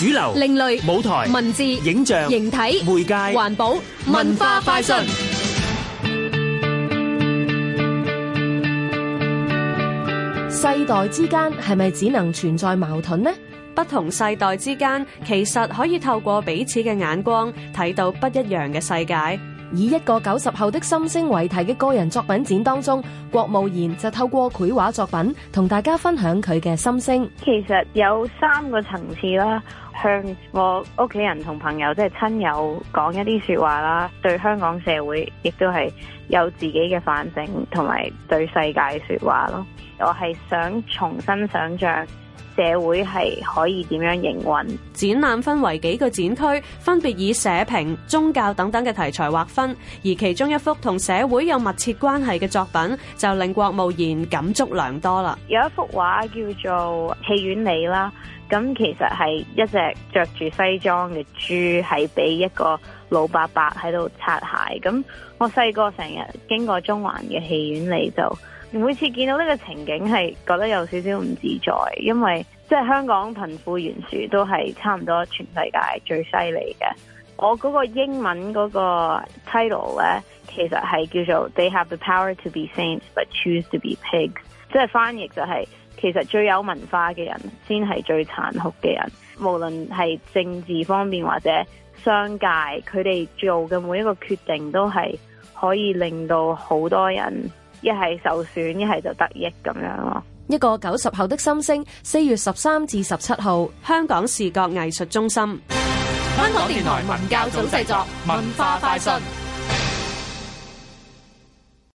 主流、另類舞台、文字、影像、形體、媒介、環保、文化快訊。世代之間係咪只能存在矛盾呢？不同世代之間其實可以透過彼此嘅眼光睇到不一樣嘅世界。以一個九十後的心聲為題嘅個人作品展當中，郭慕賢就透過繪畫作品同大家分享佢嘅心聲。其實有三個層次啦，向我屋企人同朋友即係親友講一啲說話啦，對香港社會亦都係有自己嘅反省，同埋對世界說話咯。我係想重新想象，社會係可以點樣營運？展覽分為幾個展區，分別以社評、宗教等等嘅題材劃分。而其中一幅同社會有密切關係嘅作品，就令郭慕賢感觸良多啦。有一幅畫叫做《戲院里》啦，咁其實係一隻着住西裝嘅豬，係俾一個老伯伯喺度擦鞋。咁我細個成日經過中環嘅戲院里就。每次見到呢個情景，係覺得有少少唔自在，因為即係香港貧富懸殊都係差唔多全世界最犀利嘅。我嗰個英文嗰個 title 咧，其實係叫做 They have the power to be saints, but choose to be pigs。即係翻譯就係其實最有文化嘅人，先係最殘酷嘅人。無論係政治方面或者商界，佢哋做嘅每一個決定，都係可以令到好多人。一係受損，一係就得益咁樣咯。一個九十後的心聲，四月十三至十七號，香港視覺藝術中心。香港電台文教組製作，文化快訊。